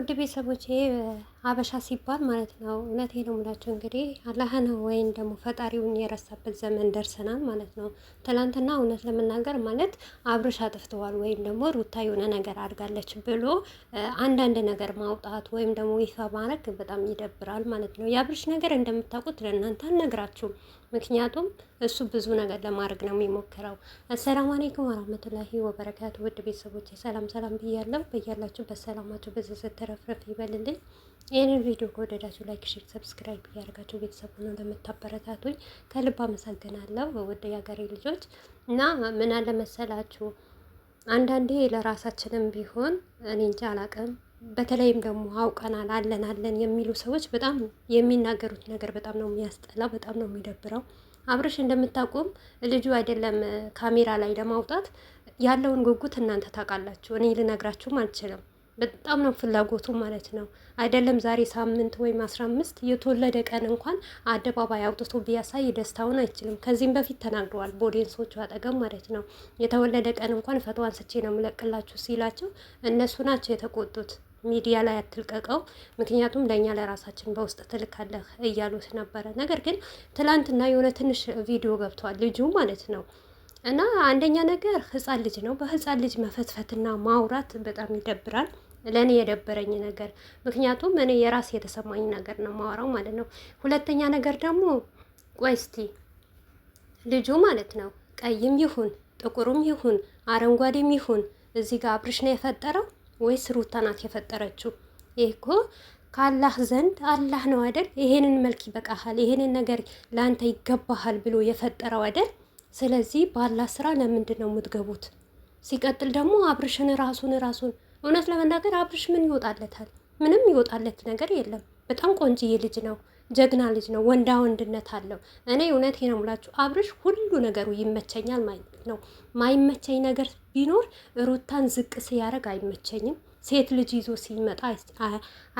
ओटीपी सब कुछ ये है አበሻ ሲባል ማለት ነው። እውነቴ ነው የምላቸው እንግዲህ ነው ወይም ደግሞ ፈጣሪውን የረሳበት ዘመን ደርሰናል ማለት ነው። ትላንትና እውነት ለመናገር ማለት አብርሽ አጥፍተዋል ወይም ደግሞ ሩታ የሆነ ነገር አድርጋለች ብሎ አንዳንድ ነገር ማውጣት ወይም ደግሞ ይፋ ማድረግ በጣም ይደብራል ማለት ነው። የአብርሽ ነገር እንደምታውቁት ለእናንተ አልነግራችሁም። ምክንያቱም እሱ ብዙ ነገር ለማድረግ ነው የሚሞክረው። አሰላሙ አሌይኩም ወራህመቱላሂ ወበረካቱ ውድ ቤተሰቦች ሰላም ሰላም ብያለሁ። በያላችሁ በሰላማችሁ ብዙ ስትረፍረፍ ይበልልኝ። ይህንን ቪዲዮ ከወደዳችሁ ላይክ፣ ሼር፣ ሰብስክራይብ እያደረጋችሁ ቤተሰብ ሆኖ ለምታበረታቱኝ ከልብ አመሰግናለሁ። ወደ የሀገሬ ልጆች እና ምን አለ መሰላችሁ አንዳንዴ ለራሳችንም ቢሆን እኔ እንጃ አላቅም። በተለይም ደግሞ አውቀናል አለን አለን የሚሉ ሰዎች በጣም የሚናገሩት ነገር በጣም ነው የሚያስጠላ፣ በጣም ነው የሚደብረው። አብረሽ እንደምታውቁም ልጁ አይደለም ካሜራ ላይ ለማውጣት ያለውን ጉጉት እናንተ ታውቃላችሁ፣ እኔ ልነግራችሁም አልችልም። በጣም ነው ፍላጎቱ ማለት ነው። አይደለም ዛሬ ሳምንት ወይም አስራ አምስት የተወለደ ቀን እንኳን አደባባይ አውጥቶ ቢያሳይ ደስታውን አይችልም። ከዚህም በፊት ተናግረዋል፣ በኦዲየንሶቹ አጠገብ ማለት ነው። የተወለደ ቀን እንኳን ፈቶ አንስቼ ነው የምለቅላችሁ ሲላቸው እነሱ ናቸው የተቆጡት። ሚዲያ ላይ አትልቀቀው፣ ምክንያቱም ለእኛ ለራሳችን በውስጥ ትልካለህ እያሉት ነበረ። ነገር ግን ትላንትና የሆነ ትንሽ ቪዲዮ ገብተዋል ልጁ ማለት ነው እና አንደኛ ነገር ህፃን ልጅ ነው። በህፃን ልጅ መፈትፈትና ማውራት በጣም ይደብራል። ለእኔ የደበረኝ ነገር ምክንያቱም እኔ የራስ የተሰማኝ ነገር ነው ማወራው ማለት ነው። ሁለተኛ ነገር ደግሞ ቆይ እስቲ ልጁ ማለት ነው ቀይም ይሁን ጥቁርም ይሁን አረንጓዴም ይሁን እዚህ ጋር አብርሽ ነው የፈጠረው ወይስ ሩታ ናት የፈጠረችው? ይህ እኮ ከአላህ ዘንድ አላህ ነው አይደል? ይሄንን መልክ ይበቃሃል፣ ይሄንን ነገር ለአንተ ይገባሃል ብሎ የፈጠረው አይደል? ስለዚህ ባላ ስራ ለምንድን ነው የምትገቡት? ሲቀጥል ደግሞ አብርሽን ራሱን ራሱን እውነት ለመናገር አብርሽ ምን ይወጣለታል? ምንም ይወጣለት ነገር የለም። በጣም ቆንጅዬ ልጅ ነው፣ ጀግና ልጅ ነው፣ ወንዳ ወንድነት አለው። እኔ እውነቴ ነው የምላችሁ አብርሽ ሁሉ ነገሩ ይመቸኛል ማለት ነው። ማይመቸኝ ነገር ቢኖር ሩታን ዝቅ ሲያደርግ አይመቸኝም። ሴት ልጅ ይዞ ሲመጣ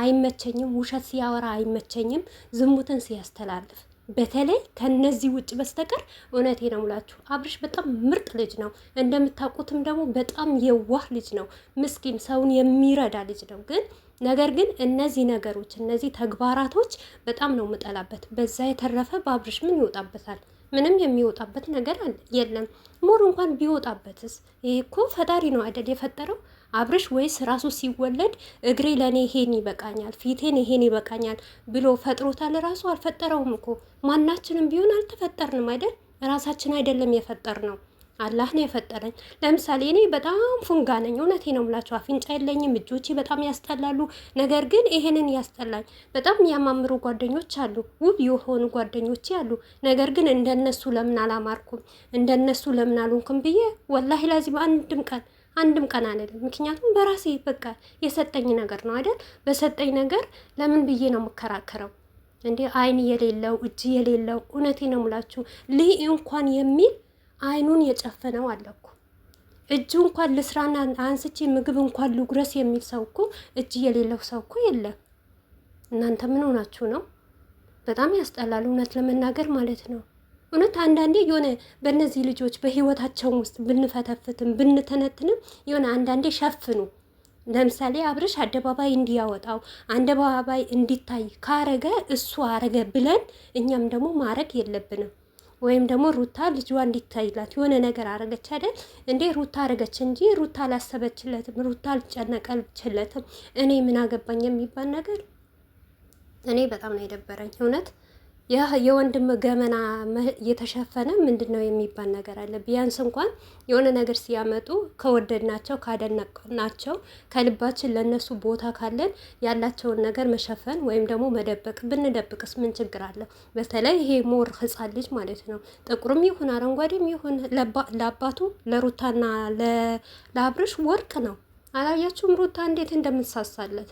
አይመቸኝም። ውሸት ሲያወራ አይመቸኝም። ዝሙትን ሲያስተላልፍ በተለይ ከነዚህ ውጭ በስተቀር እውነቴ ነው ሙላችሁ፣ አብርሽ በጣም ምርጥ ልጅ ነው። እንደምታውቁትም ደግሞ በጣም የዋህ ልጅ ነው። ምስኪን ሰውን የሚረዳ ልጅ ነው ግን ነገር ግን እነዚህ ነገሮች እነዚህ ተግባራቶች በጣም ነው የምጠላበት። በዛ የተረፈ በአብርሽ ምን ይወጣበታል? ምንም የሚወጣበት ነገር የለም። ሙር እንኳን ቢወጣበትስ? ይሄ እኮ ፈጣሪ ነው አይደል የፈጠረው? አብርሽ ወይስ ራሱ ሲወለድ እግሬ ለእኔ ይሄን ይበቃኛል፣ ፊቴን ይሄን ይበቃኛል ብሎ ፈጥሮታል? ራሱ አልፈጠረውም እኮ ማናችንም ቢሆን አልተፈጠርንም አይደል? ራሳችን አይደለም የፈጠር ነው አላህ ነው የፈጠረኝ። ለምሳሌ እኔ በጣም ፉንጋ ነኝ። እውነቴ ነው የምላቸው አፍንጫ የለኝም፣ እጆቼ በጣም ያስጠላሉ። ነገር ግን ይሄንን ያስጠላኝ በጣም የሚያማምሩ ጓደኞች አሉ፣ ውብ የሆኑ ጓደኞቼ አሉ። ነገር ግን እንደነሱ ለምን አላማርኩም፣ እንደነሱ ለምን አልሆንኩም ብዬ ወላሂ ላዚም አንድም ቀን አንድም ቀን አልልም። ምክንያቱም በራሴ በቃ የሰጠኝ ነገር ነው አይደል? በሰጠኝ ነገር ለምን ብዬ ነው የምከራከረው? እንዲህ አይን የሌለው እጅ የሌለው እውነቴ ነው የምላችሁ ልይ እንኳን የሚል አይኑን የጨፈነው አለ እኮ እጁ እንኳን ልስራና አንስቼ ምግብ እንኳን ልጉረስ የሚል ሰው እኮ እጅ የሌለው ሰው እኮ የለም። እናንተ ምን ሆናችሁ ነው? በጣም ያስጠላል፣ እውነት ለመናገር ማለት ነው። እውነት አንዳንዴ የሆነ በእነዚህ ልጆች በህይወታቸውን ውስጥ ብንፈተፍትም ብንተነትንም የሆነ አንዳንዴ ሸፍኑ። ለምሳሌ አብርሽ አደባባይ እንዲያወጣው አደባባይ እንዲታይ ካረገ እሱ አረገ ብለን እኛም ደግሞ ማረግ የለብንም። ወይም ደግሞ ሩታ ልጅዋ እንዲታይላት የሆነ ነገር አረገች አይደል እንዴ? ሩታ አረገች እንጂ ሩታ አላሰበችለትም፣ ሩታ አልጨነቀችለትም። እኔ ምን አገባኝ የሚባል ነገር እኔ በጣም ነው የደበረኝ እውነት የወንድም ገመና የተሸፈነ ምንድን ነው የሚባል ነገር አለ። ቢያንስ እንኳን የሆነ ነገር ሲያመጡ ከወደድናቸው ካደነቅናቸው ከልባችን ለእነሱ ቦታ ካለን ያላቸውን ነገር መሸፈን ወይም ደግሞ መደበቅ ብንደብቅስ ምን ችግር አለ? በተለይ ይሄ ሞር ህጻን ልጅ ማለት ነው ጥቁርም ይሁን አረንጓዴም ይሁን ለአባቱ ለሩታና ለአብርሽ ወርቅ ነው። አላያችሁም? ሩታ እንዴት እንደምትሳሳለት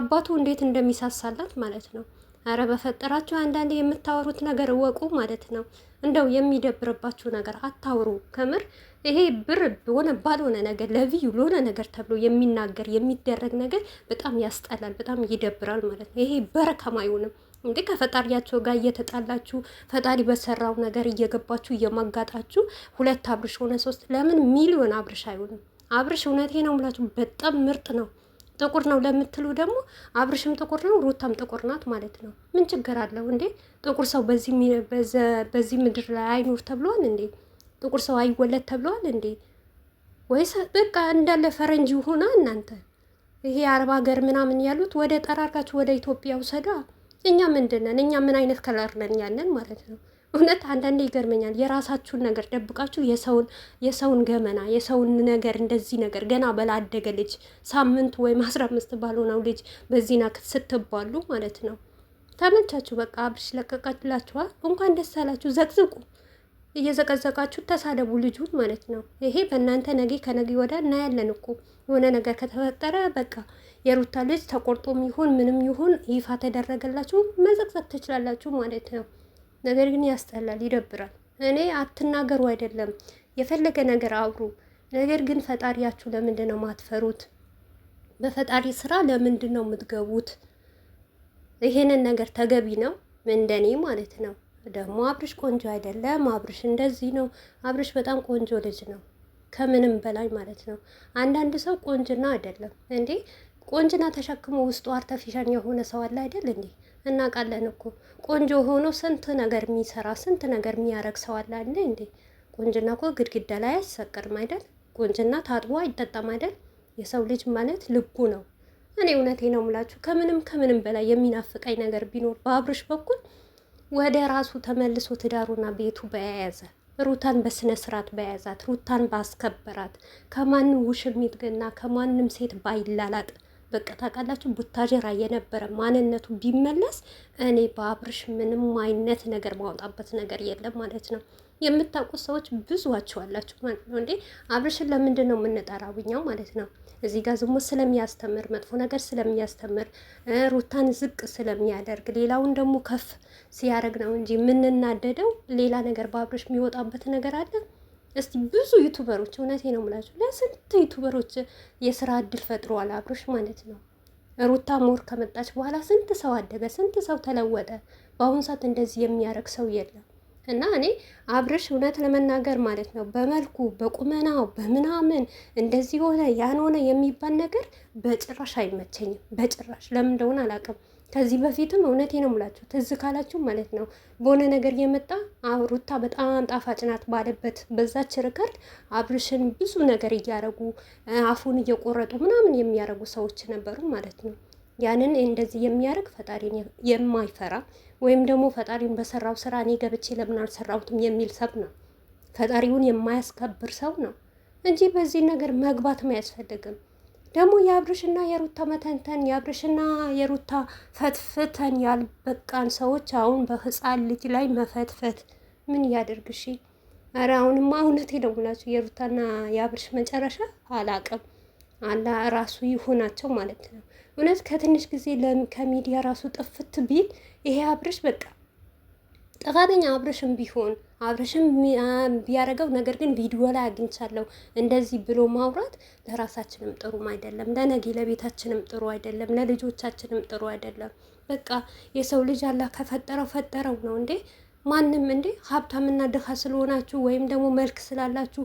አባቱ እንዴት እንደሚሳሳላት ማለት ነው። አረ በፈጠራችሁ አንዳንዴ የምታወሩት ነገር እወቁ ማለት ነው። እንደው የሚደብርባችሁ ነገር አታውሩ። ከምር ይሄ ብር በሆነ ባልሆነ ነገር ለቪዩ ለሆነ ነገር ተብሎ የሚናገር የሚደረግ ነገር በጣም ያስጠላል፣ በጣም ይደብራል ማለት ነው። ይሄ በረከም አይሆንም። እንዴ ከፈጣሪያቸው ጋር እየተጣላችሁ ፈጣሪ በሰራው ነገር እየገባችሁ እየማጋጣችሁ ሁለት አብርሽ ሆነ ሶስት ለምን ሚሊዮን አብርሽ አይሆንም። አብርሽ እውነቴ ነው የምላችሁ በጣም ምርጥ ነው። ጥቁር ነው ለምትሉ ደግሞ አብርሽም ጥቁር ነው፣ ሩታም ጥቁር ናት ማለት ነው። ምን ችግር አለው እንዴ? ጥቁር ሰው በዚህ ምድር ላይ አይኖር ተብሏል እንዴ? ጥቁር ሰው አይወለድ ተብሏል እንዴ? ወይስ በቃ እንዳለ ፈረንጅ ሆና እናንተ ይሄ አረብ ሀገር ምናምን ያሉት ወደ ጠራርጋችሁ ወደ ኢትዮጵያ ውሰዳ። እኛ ምንድን እኛ ምን አይነት ከለር ነን ያለን ማለት ነው። እውነት አንዳንዴ ይገርመኛል። የራሳችሁን ነገር ደብቃችሁ የሰውን የሰውን ገመና የሰውን ነገር እንደዚህ ነገር ገና በላደገ ልጅ ሳምንት ወይም አስራ አምስት ባልሆነው ልጅ በዚህና ስትባሉ ማለት ነው። ተመቻችሁ፣ በቃ አብርሽ ለቀቀላችኋል። እንኳን ደስ አላችሁ። ዘቅዝቁ፣ እየዘቀዘቃችሁ ተሳደቡ ልጁን ማለት ነው። ይሄ በእናንተ ነገ ከነገ ወዲያ እናያለን እኮ የሆነ ነገር ከተፈጠረ በቃ የሩታ ልጅ ተቆርጦም ይሁን ምንም ይሁን ይፋ ተደረገላችሁ መዘቅዘቅ ትችላላችሁ ማለት ነው። ነገር ግን ያስጠላል፣ ይደብራል። እኔ አትናገሩ አይደለም የፈለገ ነገር አውሩ። ነገር ግን ፈጣሪያችሁ ለምንድን ነው ማትፈሩት? በፈጣሪ ስራ ለምንድን ነው የምትገቡት? ይሄንን ነገር ተገቢ ነው እንደኔ ማለት ነው። ደግሞ አብርሽ ቆንጆ አይደለም፣ አብርሽ እንደዚህ ነው። አብርሽ በጣም ቆንጆ ልጅ ነው፣ ከምንም በላይ ማለት ነው። አንዳንድ ሰው ቆንጅና አይደለም እንዴ ቆንጅና ተሸክሞ ውስጡ አርተፊሻን የሆነ ሰው አለ አይደል እንዴ? እናውቃለን እኮ ቆንጆ ሆኖ ስንት ነገር የሚሰራ ስንት ነገር የሚያደርግ ሰው አለ አለ እንዴ? ቁንጅና እኮ ግድግዳ ላይ አይሰቀርም አይደል? ቆንጅና ታጥቦ አይጠጣም አይደል? የሰው ልጅ ማለት ልቡ ነው። እኔ እውነቴ ነው የምላችሁ ከምንም ከምንም በላይ የሚናፍቀኝ ነገር ቢኖር በአብርሽ በኩል ወደ ራሱ ተመልሶ ትዳሩና ቤቱ በያያዘ ሩታን በስነ ስርዓት በያዛት ሩታን ባስከበራት ከማንም ውሽሚት ገና ከማንም ሴት ባይላላጥ በቃ ታውቃላችሁ፣ ቡታጀራ የነበረ ማንነቱ ቢመለስ እኔ በአብርሽ ምንም አይነት ነገር ማውጣበት ነገር የለም ማለት ነው። የምታውቁት ሰዎች ብዙዋቸው አላችሁ ማለት ነው። እንዴ አብርሽን ለምንድን ነው የምንጠራውኛው ማለት ነው? እዚህ ጋር ዝሙት ስለሚያስተምር መጥፎ ነገር ስለሚያስተምር ሩታን ዝቅ ስለሚያደርግ ሌላውን ደግሞ ከፍ ሲያደርግ ነው እንጂ የምንናደደው ሌላ ነገር በአብርሽ የሚወጣበት ነገር አለ እስቲ ብዙ ዩቱበሮች እውነቴ ነው የምላችሁ ለስንት ዩቱበሮች የስራ እድል ፈጥረዋል አብርሽ ማለት ነው። ሩታ ሞር ከመጣች በኋላ ስንት ሰው አደገ፣ ስንት ሰው ተለወጠ። በአሁኑ ሰዓት እንደዚህ የሚያደርግ ሰው የለም። እና እኔ አብርሽ እውነት ለመናገር ማለት ነው በመልኩ በቁመናው በምናምን እንደዚህ ሆነ ያን ሆነ የሚባል ነገር በጭራሽ አይመቸኝም። በጭራሽ ለምን እንደሆነ አላውቅም። ከዚህ በፊትም እውነቴ ነው ምላችሁ ትዝ ካላችሁ ማለት ነው በሆነ ነገር የመጣ ሩታ በጣም ጣፋጭ ናት ባለበት በዛች ሪከርድ አብርሽን ብዙ ነገር እያረጉ አፉን እየቆረጡ ምናምን የሚያረጉ ሰዎች ነበሩ ማለት ነው። ያንን እንደዚህ የሚያደርግ ፈጣሪን የማይፈራ ወይም ደግሞ ፈጣሪን በሰራው ስራ እኔ ገብቼ ለምን አልሰራሁትም የሚል ሰብ ነው። ፈጣሪውን የማያስከብር ሰው ነው እንጂ በዚህ ነገር መግባትም አያስፈልግም። ደግሞ የአብርሽና የሩታ መተንተን የአብርሽና የሩታ ፈትፍተን ያልበቃን ሰዎች አሁን በህፃን ልጅ ላይ መፈትፈት ምን ያደርግሽ? ኧረ አሁንማ እውነቴ ነው የምላችሁ የሩታና የአብርሽ መጨረሻ አላቅም። አላ ራሱ ይሆናቸው ማለት ነው። እውነት ከትንሽ ጊዜ ከሚዲያ ራሱ ጥፍት ቢል ይሄ አብርሽ በቃ ጥፋተኛ አብረሽም ቢሆን አብረሽም ቢያደርገው ነገር ግን ቪዲዮ ላይ አግኝቻለሁ እንደዚህ ብሎ ማውራት ለራሳችንም ጥሩም አይደለም፣ ለነገ ለቤታችንም ጥሩ አይደለም፣ ለልጆቻችንም ጥሩ አይደለም። በቃ የሰው ልጅ አላህ ከፈጠረው ፈጠረው ነው እንዴ። ማንም እንዴ ሀብታምና ድሃ ስለሆናችሁ ወይም ደግሞ መልክ ስላላችሁ